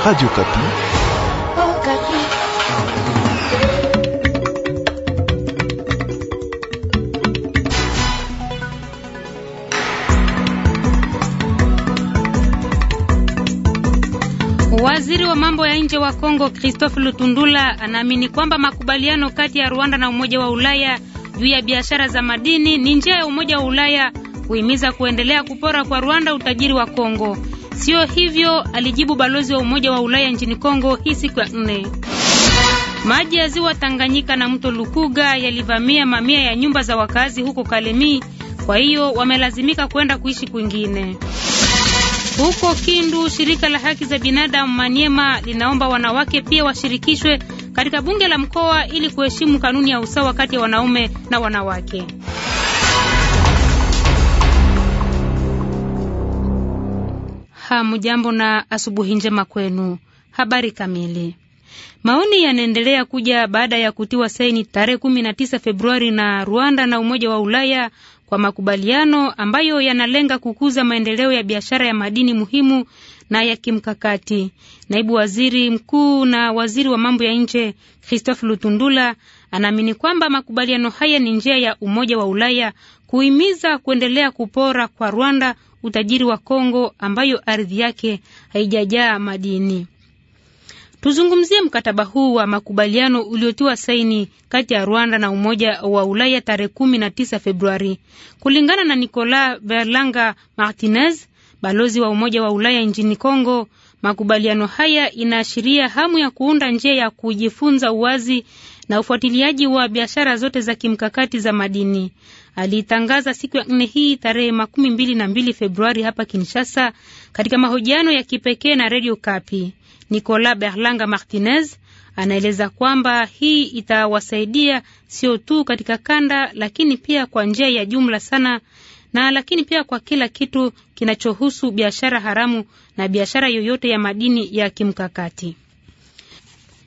Radio Kapi. Oh, Kapi. Waziri wa mambo ya nje wa Kongo Christophe Lutundula anaamini kwamba makubaliano kati ya Rwanda na Umoja wa Ulaya juu ya biashara za madini ni njia ya Umoja wa Ulaya kuhimiza kuendelea kupora kwa Rwanda utajiri wa Kongo. Sio hivyo, alijibu balozi wa Umoja wa Ulaya nchini Kongo hii siku ya nne. Maji ya ziwa Tanganyika na mto Lukuga yalivamia mamia ya nyumba za wakazi huko Kalemi, kwa hiyo wamelazimika kwenda kuishi kwingine. Huko Kindu, shirika la haki za binadamu Maniema linaomba wanawake pia washirikishwe katika bunge la mkoa ili kuheshimu kanuni ya usawa kati ya wanaume na wanawake. Hamjambo na asubuhi njema kwenu. Habari kamili. Maoni yanaendelea kuja baada ya kutiwa saini tarehe tisa Februari na Rwanda na Umoja wa Ulaya kwa makubaliano ambayo yanalenga kukuza maendeleo ya biashara ya madini muhimu na ya kimkakati. Naibu waziri mkuu na waziri wa mambo ya nje Christophe Lutundula anaamini kwamba makubaliano haya ni njia ya Umoja wa Ulaya kuhimiza kuendelea kupora kwa Rwanda utajiri wa Kongo ambayo ardhi yake haijajaa madini. Tuzungumzie mkataba huu wa makubaliano uliotiwa saini kati ya Rwanda na Umoja wa Ulaya tarehe kumi na tisa Februari. Kulingana na Nicolas Berlanga Martinez, balozi wa Umoja wa Ulaya nchini Kongo, makubaliano haya inaashiria hamu ya kuunda njia ya kujifunza uwazi na ufuatiliaji wa biashara zote za kimkakati za madini. Alitangaza siku ya nne hii tarehe makumi mbili na mbili Februari hapa Kinshasa, katika mahojiano ya kipekee na redio Kapi. Nicolas Berlanga Martinez anaeleza kwamba hii itawasaidia sio tu katika kanda, lakini pia kwa njia ya jumla sana na lakini pia kwa kila kitu kinachohusu biashara haramu na biashara yoyote ya madini ya kimkakati.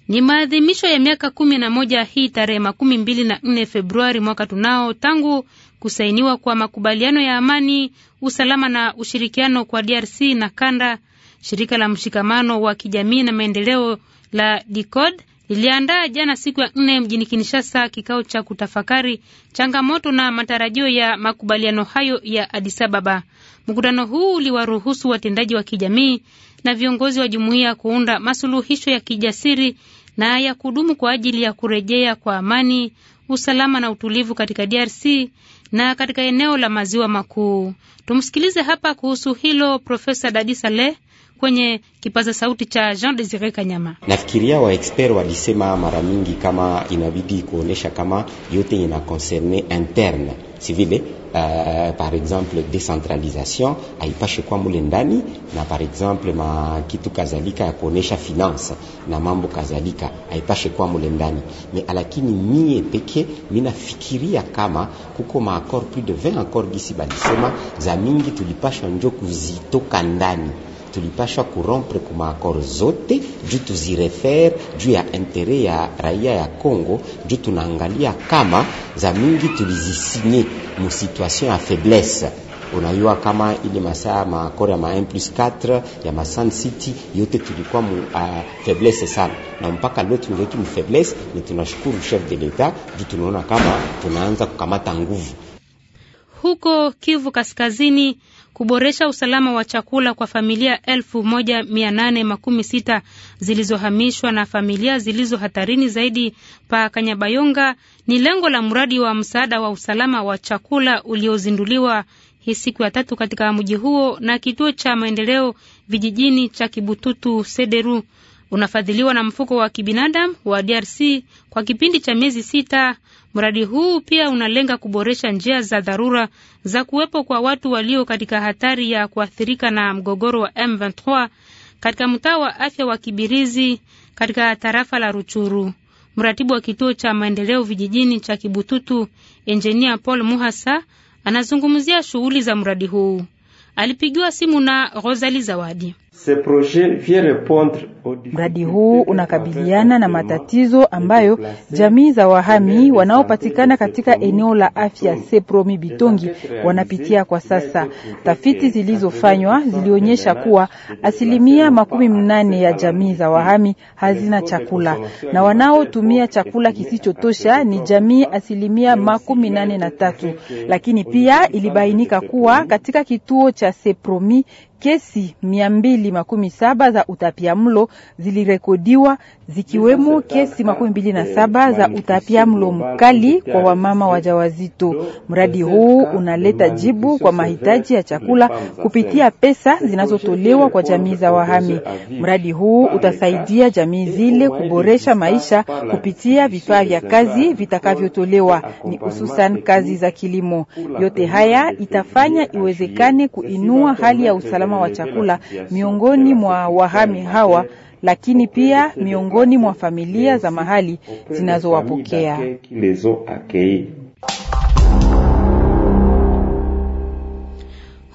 Ni maadhimisho ya miaka kumi na moja hii tarehe makumi mbili na nne Februari mwaka tunao tangu kusainiwa kwa makubaliano ya amani, usalama na ushirikiano kwa DRC na kanda. Shirika la mshikamano wa kijamii na maendeleo la DICOD liliandaa jana siku ya nne mjini Kinshasa kikao cha kutafakari changamoto na matarajio ya makubaliano hayo ya Adisababa. Mkutano huu uliwaruhusu watendaji wa kijamii na viongozi wa jumuiya kuunda masuluhisho ya kijasiri na ya kudumu kwa ajili ya kurejea kwa amani, usalama na utulivu katika DRC na katika eneo la maziwa makuu. Tumsikilize hapa kuhusu hilo Profesa Dadi Saleh kwenye kipaza sauti cha Jean Desire Kanyama. Nafikiria wa expert walisema mara mingi kama inabidi kuonesha kama yote ina concerne interne civile euh, par exemple décentralisation, aipashe Kwa ndani, na par exemple Kitu Kazalika, ya kuonesha finance na mambo kazalika, aipashe mule ndani me, alakini mie peke minafikiria kama kuko accord plus de vingt encore gisi balisema za mingi tulipasha njo kuzitoka ndani tulipashwa kurompre ku zote juu tuzirefere juu ya intere ya raia ya congo juu tunaangalia kama za mingi tulizisinye mu situation ya faiblesse unajua kama ili masaa maakoro ya ma 1 plus 4 ya ma Sun City yote tulikuwa mu uh, faiblesse sana, na mpaka leo tungetu mu faiblesse. Ni tunashukuru chef de l'etat juu tunaona kama tunaanza kukamata nguvu huko Kivu Kaskazini kuboresha usalama wa chakula kwa familia sita zilizohamishwa na familia zilizo hatarini zaidi pa Kanyabayonga ni lengo la mradi wa msaada wa usalama wa chakula uliozinduliwa hii siku ya tatu katika mji huo na kituo cha maendeleo vijijini cha Kibututu Sederu unafadhiliwa na mfuko wa kibinadamu wa DRC kwa kipindi cha miezi sita Mradi huu pia unalenga kuboresha njia za dharura za kuwepo kwa watu walio katika hatari ya kuathirika na mgogoro wa M23 katika mtaa wa afya wa Kibirizi katika tarafa la Ruchuru. Mratibu wa kituo cha maendeleo vijijini cha Kibututu, Enjinia Paul Muhasa, anazungumzia shughuli za mradi huu. Alipigiwa simu na Rosali Zawadi. Mradi huu unakabiliana na matatizo ambayo jamii za wahami wanaopatikana katika eneo la afya Sepromi Bitongi wanapitia kwa sasa. Tafiti zilizofanywa zilionyesha kuwa asilimia makumi mnane ya jamii za wahami hazina chakula na wanaotumia chakula kisichotosha ni jamii asilimia makumi nane na tatu. Lakini pia ilibainika kuwa katika kituo cha Sepromi kesi mia mbili makumi saba za utapia mlo zilirekodiwa zikiwemo kesi makumi mbili na saba eh, za utapia mlo mkali kwa wamama wajawazito. Mradi huu unaleta jibu kwa mahitaji ya chakula kupitia pesa zinazotolewa kwa jamii za wahami. Mradi huu utasaidia jamii zile kuboresha maisha kupitia vifaa vya kazi vitakavyotolewa, ni hususan kazi za kilimo. Yote haya itafanya iwezekane kuinua hali ya usalama usalama wa chakula miongoni mwa wahami hawa, lakini pia miongoni mwa familia za mahali zinazowapokea.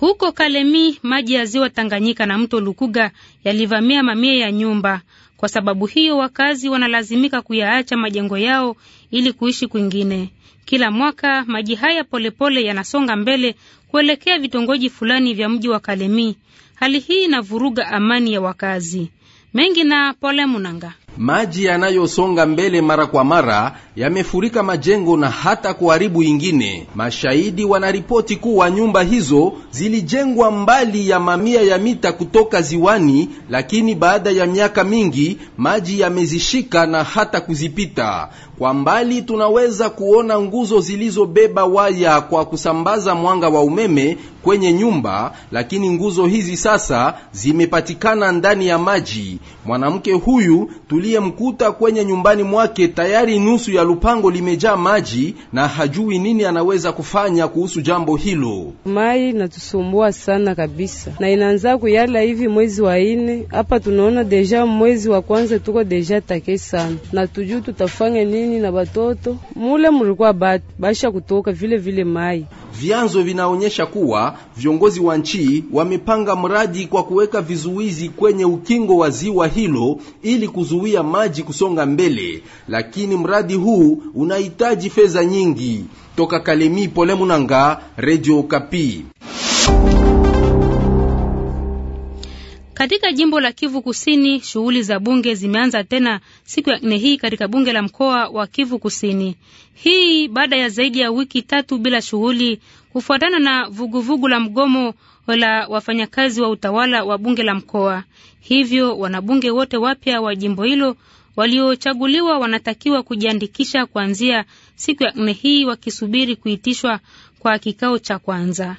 Huko Kalemi, maji ya ziwa Tanganyika na mto Lukuga yalivamia mamia ya nyumba. Kwa sababu hiyo, wakazi wanalazimika kuyaacha majengo yao ili kuishi kwingine. Kila mwaka maji haya polepole yanasonga mbele kuelekea vitongoji fulani vya mji wa Kalemi. Hali hii inavuruga amani ya wakazi mengi na Pole Munanga. Maji yanayosonga mbele mara kwa mara yamefurika majengo na hata kuharibu ingine. Mashahidi wanaripoti kuwa nyumba hizo zilijengwa mbali ya mamia ya mita kutoka ziwani, lakini baada ya miaka mingi maji yamezishika na hata kuzipita. Kwa mbali tunaweza kuona nguzo zilizobeba waya kwa kusambaza mwanga wa umeme kwenye nyumba, lakini nguzo hizi sasa zimepatikana ndani ya maji. Mwanamke huyu tuliyemkuta kwenye nyumbani mwake, tayari nusu ya lupango limejaa maji na hajui nini anaweza kufanya kuhusu jambo hilo. Mai natusumbua sana kabisa, na inaanza kuyala hivi mwezi wa ine hapa. Tunaona deja mwezi wa kwanza tuko deja take sana, na tujuu tutafanya nini mimi na batoto mule mulikuwa bati basha kutoka vile vile mai. Vyanzo vinaonyesha kuwa viongozi wa nchi wamepanga mradi kwa kuweka vizuizi kwenye ukingo wa ziwa hilo ili kuzuia maji kusonga mbele, lakini mradi huu unahitaji fedha nyingi. Toka Kalemi, Pole Munanga, Radio Kapi. Katika jimbo la Kivu Kusini, shughuli za bunge zimeanza tena siku ya nne hii katika bunge la mkoa wa Kivu Kusini, hii baada ya zaidi ya wiki tatu bila shughuli kufuatana na vuguvugu vugu la mgomo la wafanyakazi wa utawala wa bunge la mkoa. Hivyo wanabunge wote wapya wa jimbo hilo waliochaguliwa wanatakiwa kujiandikisha kuanzia siku ya nne hii wakisubiri kuitishwa kwa kikao cha kwanza.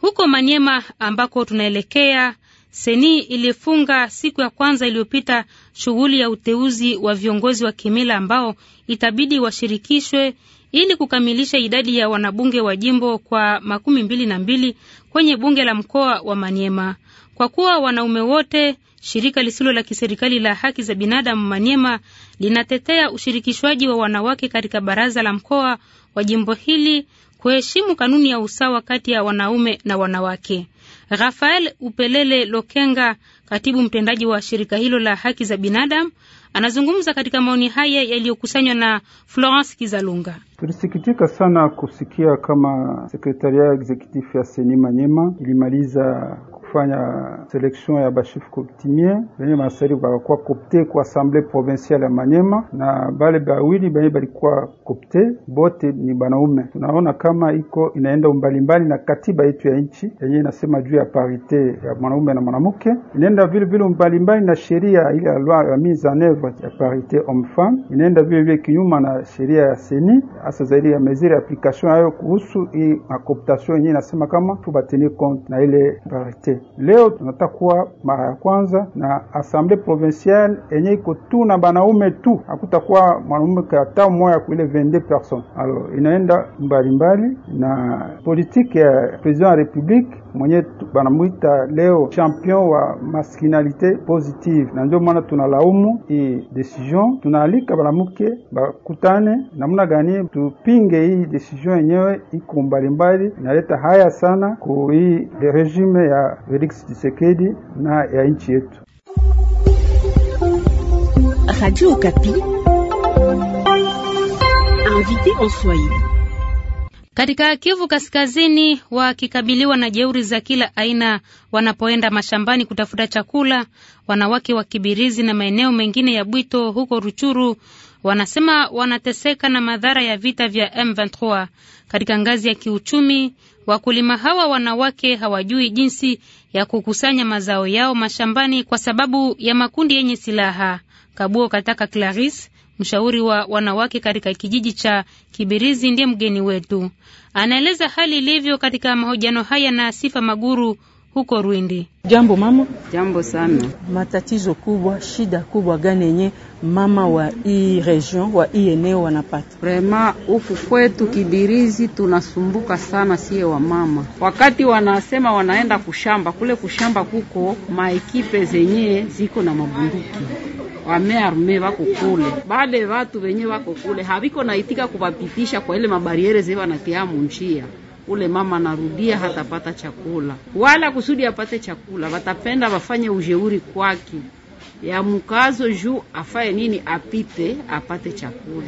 Huko Manyema ambako tunaelekea Seni ilifunga siku ya kwanza iliyopita shughuli ya uteuzi wa viongozi wa kimila ambao itabidi washirikishwe ili kukamilisha idadi ya wanabunge wa jimbo kwa makumi mbili na mbili kwenye bunge la mkoa wa Maniema. Kwa kuwa wanaume wote, shirika lisilo la kiserikali la haki za binadamu Maniema linatetea ushirikishwaji wa wanawake katika baraza la mkoa wa jimbo hili kuheshimu kanuni ya usawa kati ya wanaume na wanawake. Rafael Upelele Lokenga, katibu mtendaji wa shirika hilo la haki za binadamu, anazungumza katika maoni haya yaliyokusanywa na Florence Kizalunga. Tulisikitika sana kusikia kama sekretaria executive ya Senima Nyema ilimaliza kufanya seleksion ya bashefu koptimien benye banastahili bakakuwa kopte ku asamble provinciale ya Manyema, na bale bawili benye balikuwa kopte bote ni banaume. Tunaona kama iko inaenda umbalimbali na katiba yetu ya nchi yenye inasema juu ya parite ya mwanaume na mwanamke, inaenda vile vile umbalimbali na sheria ile ya loi ya mise en oeuvre ya parite homme femme, inaenda vile vile kinyuma na sheria ya seni hasa zaidi ya mesure application ayo kuhusu hii makoptation yenye inasema kama tu batene compte na ile parite Leo tunatakuwa mara ya kwanza na assemble provinciale enye iko tu na banaume tu, hakutakuwa mwanaume kata moya kuile 22 personnes. Alors inaenda mbalimbali na politike ya president ya republique mwenye banamwita leo champion wa masculinite positive, na ndio maana tunalaumu hii decision. Tunaalika banamuke bakutane namna gani tupinge hii decision yenyewe, iko mbalimbali inaleta haya sana ku hii regime ya Felix Tshisekedi na ya nchi yetu. Radio Okapi invité en Swahili katika Kivu Kaskazini wakikabiliwa na jeuri za kila aina wanapoenda mashambani kutafuta chakula, wanawake wa Kibirizi na maeneo mengine ya Bwito huko Ruchuru wanasema wanateseka na madhara ya vita vya M23. Katika ngazi ya kiuchumi, wakulima hawa wanawake hawajui jinsi ya kukusanya mazao yao mashambani kwa sababu ya makundi yenye silaha. Kabuo Kataka Claris Mshauri wa wanawake katika kijiji cha Kibirizi ndiye mgeni wetu, anaeleza hali ilivyo katika mahojiano haya na Sifa Maguru huko Rwindi. Jambo mama. Jambo sana. Matatizo kubwa, shida kubwa gani yenye mama wa hii region wa hii eneo wanapata? Vrema huku kwetu Kibirizi tunasumbuka sana sie wa mama, wakati wanasema wanaenda kushamba kule, kushamba kuko maekipe zenye ziko na mabunduki wamearme wako kule, bale watu wenye wako kule haviko naitika kuwapitisha kwa ile mabariere ze wanatia munjia ule mama narudia hatapata chakula wala kusudi apate chakula, watapenda wafanye ujeuri kwake ya mkazo juu afaye nini, apite apate chakula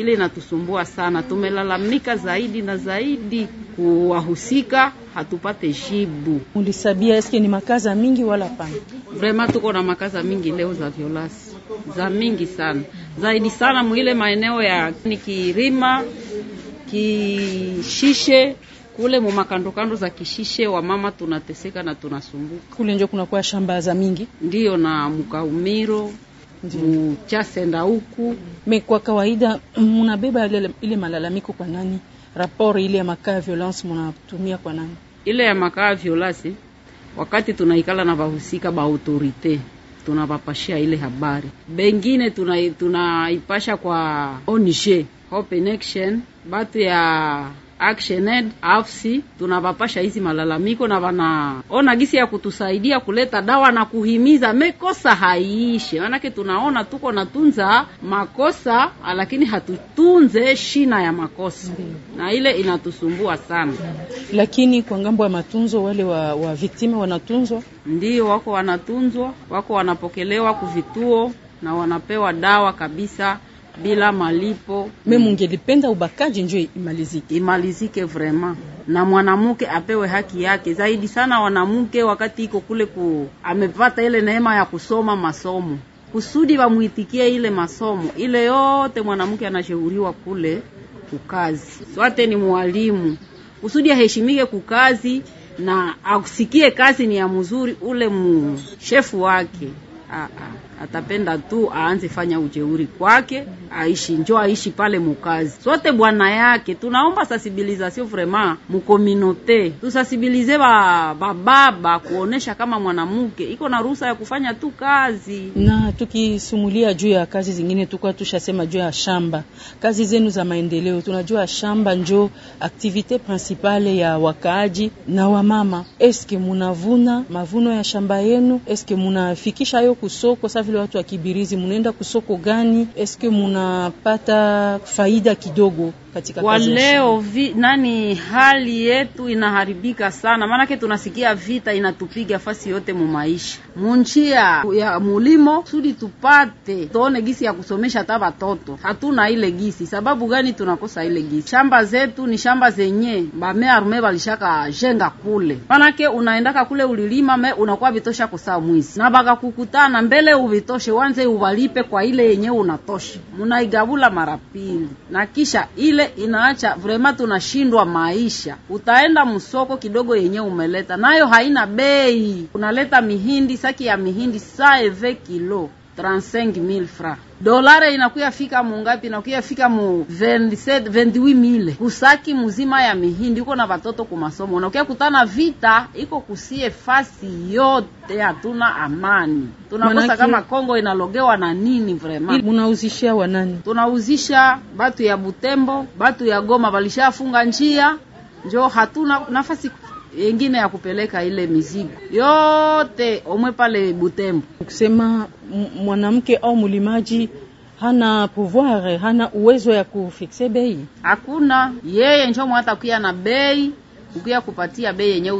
ile inatusumbua sana. Tumelalamika zaidi na zaidi kuwahusika, hatupate jibu. Ulisabia eske ni makaza mingi wala pana? Vrema tuko na makaza mingi leo za violasi za mingi sana zaidi sana mwile maeneo ya ni kirima kishishe kule mumakandokando za kishishe, wa mama tunateseka na tunasumbuka. Kule njo kunakuwa shamba za mingi, ndiyo na mkaumiro mchasenda mm, chasenda huku me. Kwa kawaida munabeba ile malalamiko kwa nani? Raporo ile ya makaa ya violence munatumia kwa nani? Ile ya makaa ya violence, wakati tunaikala na bahusika ba autorite tunavapashia ile habari, bengine tunaipasha tuna kwa ONG Hope in Action, batu ya ActionAid AFSI tunavapasha hizi malalamiko na wanaona gisi ya kutusaidia kuleta dawa na kuhimiza mekosa haiishe, maanake tunaona tuko natunza makosa lakini hatutunze shina ya makosa na ile inatusumbua sana Lakini kwa ngambo ya matunzo wale wa, wa viktima wanatunzwa, ndio wako wanatunzwa, wako wanapokelewa kuvituo na wanapewa dawa kabisa bila malipo me mm. mungelipenda ubakaji njo imalizike, imalizike vraiment, na mwanamke apewe haki yake zaidi sana. Wanamke wakati iko kule ku amepata ile neema ya kusoma masomo, kusudi wamwitikie ile masomo ile yote mwanamke anashauriwa kule kukazi, swate ni mwalimu, kusudi aheshimike kukazi na asikie kazi ni ya mzuri ule mu shefu wake. Aa. Ah, ah atapenda tu aanze fanya ujeuri kwake, aishi njo aishi pale mukazi, sote bwana yake. Tunaomba sensibilisation vraiment mukominote, tusensibilize ba bababa kuonesha kama mwanamke iko na ruhusa ya kufanya tu kazi. Na tukisumulia juu ya kazi zingine, tukwa tushasema juu ya shamba, kazi zenu za maendeleo, tunajua shamba njo activite principale ya wakaaji na wamama. Eske munavuna mavuno ya shamba yenu? Eske munafikisha yo kusoko vile watu wa Kibirizi munaenda kusoko gani? Eske munapata faida kidogo katika kwa leo vi, nani hali yetu inaharibika sana, maanake tunasikia vita inatupiga fasi yote mumaisha munjia ya mulimo, sudi tupate tuone gisi ya kusomesha hata watoto. Hatuna ile gisi, sababu gani tunakosa ile gisi? Shamba zetu ni shamba zenye arume balishaka jenga kule, maanake unaendaka kule ulilima me unakuwa vitosha kosaa mwizi na bakakukutana mbele uvitoshe, wanze uvalipe kwa ile yenye unatosha, munaigabula mara pili na kisha ile inaacha vrema tunashindwa maisha. Utaenda msoko kidogo yenye umeleta nayo haina bei, unaleta mihindi, saki ya mihindi saeve kilo 35000 francs. Dolare inakuya fika mungapi? Inakuya fika mu 27 28000 kusaki muzima ya mihindi, uko na watoto masomo unakuya kutana vita iko kusie fasi yote, hatuna amani. Tunakosa kama Kongo inalogewa na nini? Vraiment munauzishia wanani? Tunauzisha batu ya Butembo, batu ya Goma, walishafunga njia, njo hatuna nafasi ingine ya kupeleka ile mizigo yote omwe pale Butembo. Kusema mwanamke au mulimaji hana pouvoir, hana uwezo ya kufikse bei, hakuna yeye njo mwatakuya na bei ukia kupatia bei yenye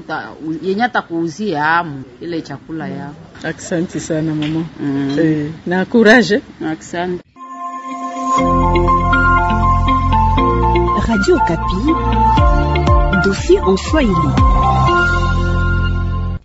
yenye atakuuzia amu ile chakula ya Asante sana mama mm. Eh, na courage. Asante. Radio Kapi Dossier en Swahili.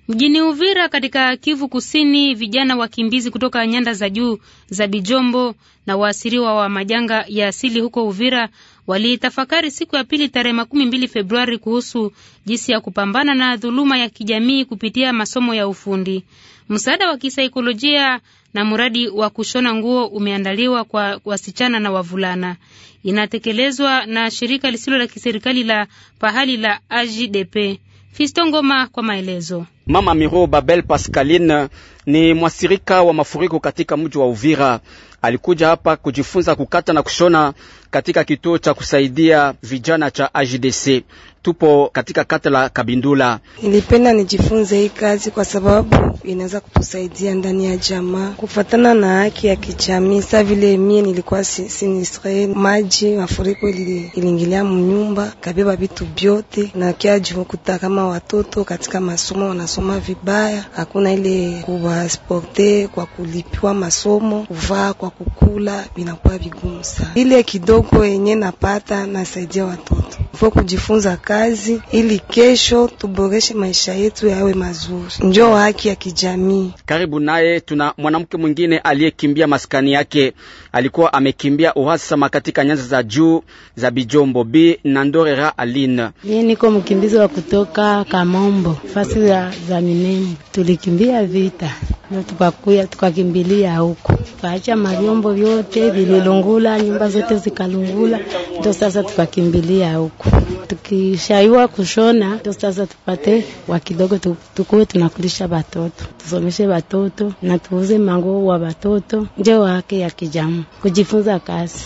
Mjini Uvira katika Kivu Kusini, vijana wakimbizi kutoka nyanda za juu za Bijombo na waasiriwa wa majanga ya asili huko Uvira walitafakari siku ya pili tarehe makumi mbili Februari kuhusu jinsi ya kupambana na dhuluma ya kijamii kupitia masomo ya ufundi, msaada wa kisaikolojia na mradi wa kushona nguo umeandaliwa kwa wasichana na wavulana. Inatekelezwa na shirika lisilo la kiserikali la pahali la AJDP. Fisto Ngoma kwa maelezo. Mama Miro Babel Pascaline ni mwasirika wa mafuriko katika mji wa Uvira. Alikuja hapa kujifunza kukata na kushona katika kituo cha kusaidia vijana cha AJDC tupo katika kata la Kabindula. Nilipenda nijifunze hii kazi kwa sababu inaweza kutusaidia ndani ya jamaa kufatana na haki ya kijamii. Sa vile mie nilikuwa sinistre, maji mafuriko iliingilia mnyumba kabeba vitu vyote, na kia jikuta kama watoto katika masomo wanasoma vibaya, hakuna ile kuwasporte kwa kulipiwa masomo, kuvaa kwa kukula, vinakuwa vigumu sana. Ile kidogo yenye napata nasaidia watoto fo kujifunza kazi kazi ili kesho tuboreshe maisha yetu yawe mazuri, njo haki ya kijamii. Karibu naye tuna mwanamke mwingine aliyekimbia maskani yake, alikuwa amekimbia uhasama katika nyanza za juu za Bijombo B na Ndorera. Aline: mimi niko mkimbizi wa kutoka Kamombo fasi za, za Mineni, tulikimbia vita na tukakuya tukakimbilia huko, tukaacha mavyombo vyote vililungula, nyumba zote zikalungula, ndo sasa tukakimbilia huko tuki tulishaiwa kushona, sasa tupate wa kidogo tukuwe tunakulisha batoto, tusomeshe batoto na tuuze mango wa batoto, nje wake ya kijamu kujifunza kazi.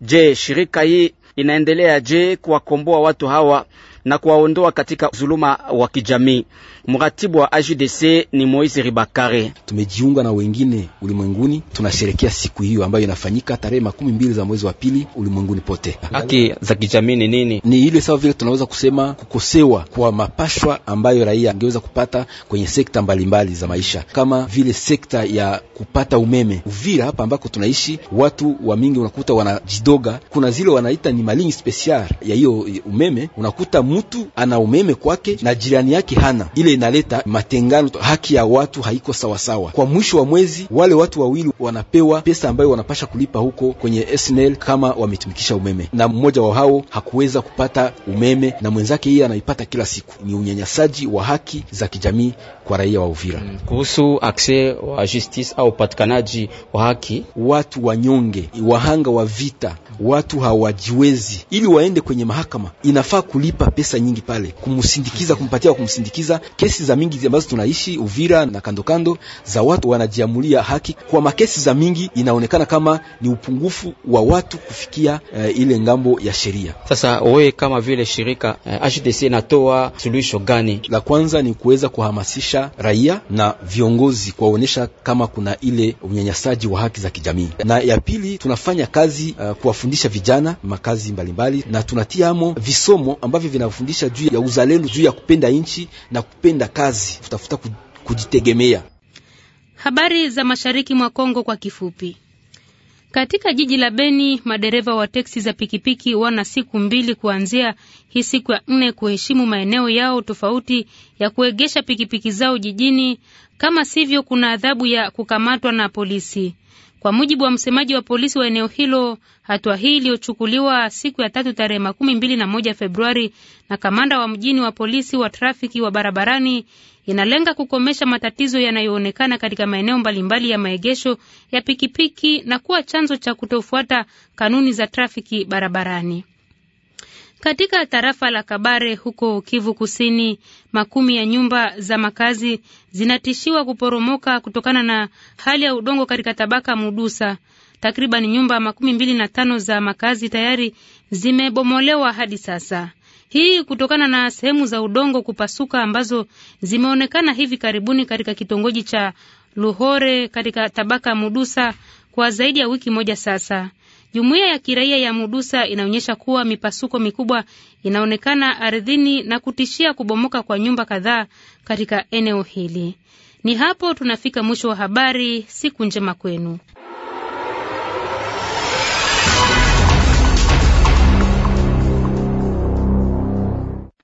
Je, shirika hii inaendelea je kuwakomboa watu hawa na kuwaondoa katika zuluma wa kijamii. Mratibu wa AJDC ni Moise Ribakare. Tumejiunga na wengine ulimwenguni, tunasherekea siku hiyo ambayo inafanyika tarehe makumi mbili za mwezi wa pili ulimwenguni pote. Haki za kijamii ni nini? Ni ile sawa vile tunaweza kusema kukosewa kwa mapashwa ambayo raia angeweza kupata kwenye sekta mbalimbali mbali za maisha, kama vile sekta ya kupata umeme. Uvira hapa ambako tunaishi, watu wa mingi unakuta wanajidoga, kuna zile wanaita ni malinyi special ya hiyo umeme, unakuta mutu ana umeme kwake na jirani yake hana, ile inaleta matengano, haki ya watu haiko sawasawa. Kwa mwisho wa mwezi wale watu wawili wanapewa pesa ambayo wanapasha kulipa huko kwenye SNL kama wametumikisha umeme, na mmoja wa hao hakuweza kupata umeme na mwenzake yeye anaipata kila siku. Ni unyanyasaji wa haki za kijamii kwa raia wa Uvira. Hmm, kuhusu akses wa justice au upatikanaji wa haki, watu wanyonge, wahanga wa vita, watu hawajiwezi, ili waende kwenye mahakama inafaa kulipa pesa pesa nyingi pale kumsindikiza, kumpatia wa kumsindikiza. Kesi za mingi ambazo tunaishi Uvira na kandokando za watu wanajiamulia haki, kwa makesi za mingi inaonekana kama ni upungufu wa watu kufikia uh, ile ngambo ya sheria. Sasa wewe kama vile shirika uh, eh, HDC inatoa suluhisho gani? La kwanza ni kuweza kuhamasisha raia na viongozi kuwaonyesha kama kuna ile unyanyasaji wa haki za kijamii, na ya pili tunafanya kazi uh, kuwafundisha vijana makazi mbalimbali mbali, na amo visomo ambavyo vina kuwafundisha juu ya uzalendo, juu ya kupenda nchi na kupenda kazi, kutafuta kujitegemea. Habari za mashariki mwa Kongo kwa kifupi. Katika jiji la Beni, madereva wa teksi za pikipiki wana siku mbili kuanzia hii siku ya nne kuheshimu maeneo yao tofauti ya kuegesha pikipiki zao jijini, kama sivyo kuna adhabu ya kukamatwa na polisi. Kwa mujibu wa msemaji wa polisi wa eneo hilo, hatua hii iliyochukuliwa siku ya tatu tarehe makumi mbili na moja Februari na kamanda wa mjini wa polisi wa trafiki wa barabarani inalenga kukomesha matatizo yanayoonekana katika maeneo mbalimbali ya maegesho ya pikipiki na kuwa chanzo cha kutofuata kanuni za trafiki barabarani. Katika tarafa la Kabare huko Kivu Kusini, makumi ya nyumba za makazi zinatishiwa kuporomoka kutokana na hali ya udongo katika tabaka Mudusa. Takriban nyumba makumi mbili na tano za makazi tayari zimebomolewa hadi sasa. Hii kutokana na sehemu za udongo kupasuka ambazo zimeonekana hivi karibuni katika kitongoji cha Luhore katika tabaka Mudusa kwa zaidi ya wiki moja sasa. Jumuiya ya kiraia ya Mudusa inaonyesha kuwa mipasuko mikubwa inaonekana ardhini na kutishia kubomoka kwa nyumba kadhaa katika eneo hili. Ni hapo tunafika mwisho wa habari. Siku njema kwenu.